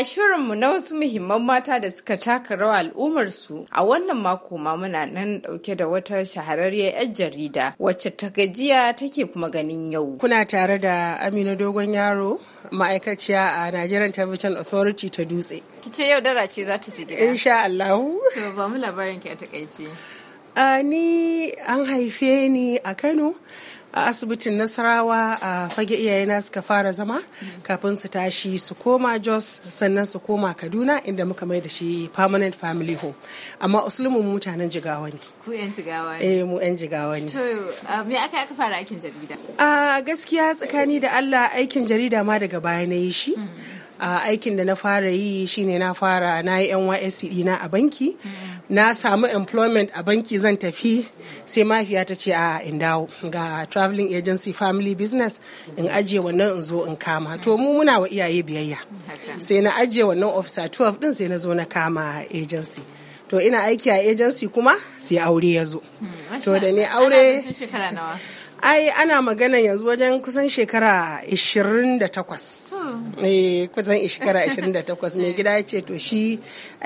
A shirinmu na wasu muhimman mata da suka taka rawa al'ummarsu a wannan mako ma muna nan dauke da wata shahararriyar 'yar jarida wacce ta gajiya take kuma ganin yau. Kuna tare da Amina Dogon Yaro ma'aikaciya a Nigerian Television Authority ta dutse. Kice yau dara ce za ta gida. Insha Allahu. To ba mu labarin ki a takaice. Ah, ni an haife ni a Kano. a asibitin nasarawa a fage iyayena suka fara zama kafin su tashi su koma jos sannan su koma kaduna inda muka mai da shi permanent family home amma usulmu mutanen jigawa ne ku yan jigawa ne eh mu yan jigawa ne to uh, me aka aka fara aikin jarida a ah, gaskiya tsakani da Allah aikin jarida ma daga baya na yi shi mm-hmm. a aikin da na fara yi shine na fara na yi nysc dina a banki na samu employment a banki zan tafi sai mafiya ta ce a in dawo ga traveling agency family business in ajiye wannan in zo in kama to mu muna wa iyaye biyayya sai na ajiye wannan officer 12 din sai na zo na kama agency to ina aiki a agency kuma sai aure ya zo hmm, to da ne aure ai ana magana yanzu wajen kusan shekara 28 hmm. eh kusan shekara 28 mai gida ya ce to shi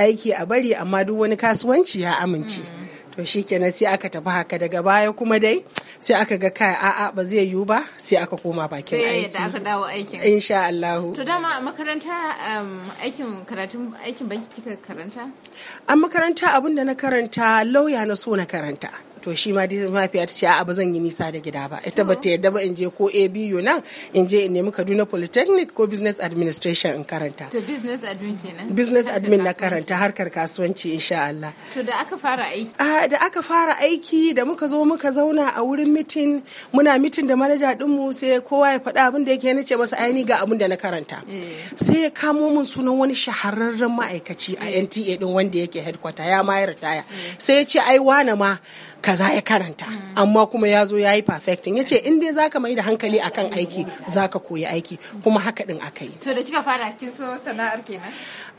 aiki a bari amma duk wani kasuwanci ya amince hmm. to shi kenan sai aka tafi haka daga baya kuma dai sai aka ga kai a'a ba zai yiwu ba sai aka koma bakin aiki sai aka dawo aikin insha Allah to dama a makaranta um, aikin karatun aikin banki kika karanta a makaranta abinda na karanta lauya na so na karanta to shi ma dai mafiya ta ce a ba zan yi nisa da gida ba ita ba ta yadda ba in je ko ABU nan in je in nemi Kaduna Polytechnic ko Business Administration in karanta to business admin kenan business admin na karanta harkar kasuwanci insha Allah to da aka fara aiki a ah, da aka fara aiki da muka zo muka zauna a wurin mitin muna mitin da manaja dinmu sai kowa ya faɗa abin da yake ce masa ai ga abin da na karanta eh. sai ya kamo min sunan wani shahararren ma'aikaci a eh. NTA din wanda yake headquarter ya ma ya ritaya sai ya ce ai wane ma kaza ya karanta amma kuma ya zo ya yi perfecting ya ce in dai za ka mai da hankali akan aiki za ka koyi aiki kuma haka din aka yi to da kika fara kin so sana'ar kenan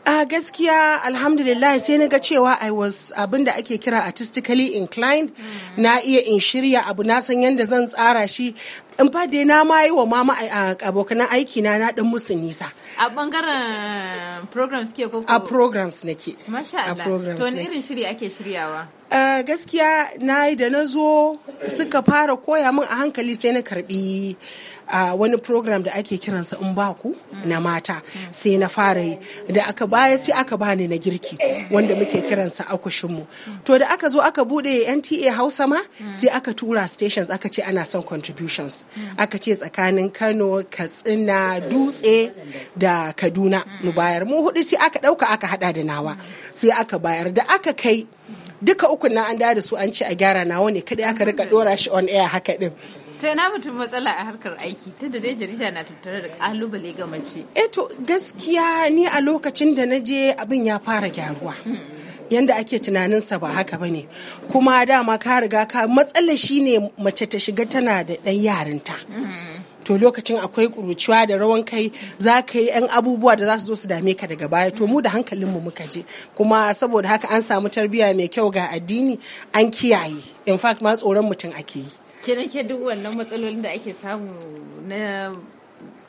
A gaskiya alhamdulillah sai na ga cewa I was abinda ake kira artistically inclined na iya in shirya abu na san yadda zan tsara shi in ba dai na ma yi wa mama abokanan aiki na na dan musu nisa a bangaren programs ke ko a programs nake masha Allah to irin shiri ake shiryawa gaskiya na yi da na zo suka fara koya min a hankali sai na karbi a wani program da ake kiransa in baku na mata sai na fara yi da aka baya sai aka bani na girki wanda muke kiransa mu to da aka zo aka bude nta hausa ma sai aka tura stations aka ce ana son contributions aka ce tsakanin kano katsina dutse da kaduna mu bayar mu hudu sai aka dauka aka hada da nawa sai aka bayar da aka kai duka ukun na an da su an ce a gyara nawa ne kada aka rika dora shi on air haka din ta na mutum matsala a harkar aiki ta da dai jarida na tattare da kalubale ga mace eh to gaskiya ni a lokacin da na je abin ya fara gyaruwa yanda ake tunanin sa ba haka bane kuma dama ka riga ka matsala shine mace ta shiga tana da ɗan yarinta to lokacin akwai kuruciwa da rawan kai za ka yi 'yan abubuwa da za su zo su dame ka daga baya to mu da hankalin mu muka je kuma saboda haka an samu tarbiyya mai kyau ga addini an kiyaye in fact ma tsoron mutum ake yi kina ke duk wannan matsalolin da ake samu na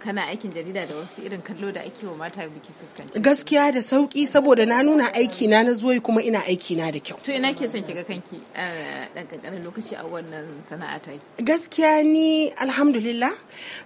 kana aikin jarida da wasu irin kallo da ake wa mata biki fuskanta gaskiya da sauki saboda na nuna aiki na na zuwa kuma ina aiki na da kyau to ina ke son kiga kanki dan kankanin lokaci a wannan sana'a ta ki gaskiya ni alhamdulillah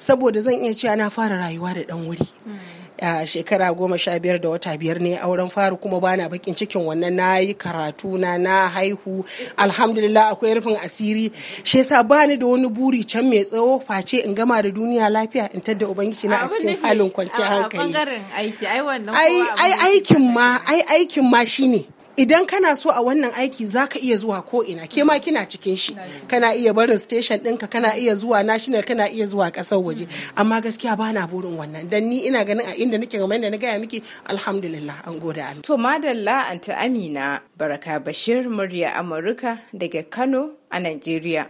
saboda zan iya cewa na fara rayuwa da dan wuri hmm. a shekara goma sha biyar da wata biyar ne auren fara kuma bana bakin cikin wannan na yi karatu na na haihu alhamdulillah akwai rufin asiri shi yasa bani da wani buri can mai tsawo face in gama da duniya lafiya in tadda ubangiji na a cikin halin kwanciyar hankali ai aikin ma ai aikin ma shine idan kana so a wannan aiki za ka iya zuwa ko ina ke ma kina cikin shi kana iya barin station ɗinka kana iya zuwa national kana iya zuwa ƙasar waje amma gaskiya ba na burin wannan dan ni ina ganin a inda nake kamar da na gaya miki alhamdulillah an gode Allah to madalla anta Amina Baraka Bashir murya Amurka daga Kano a nigeria.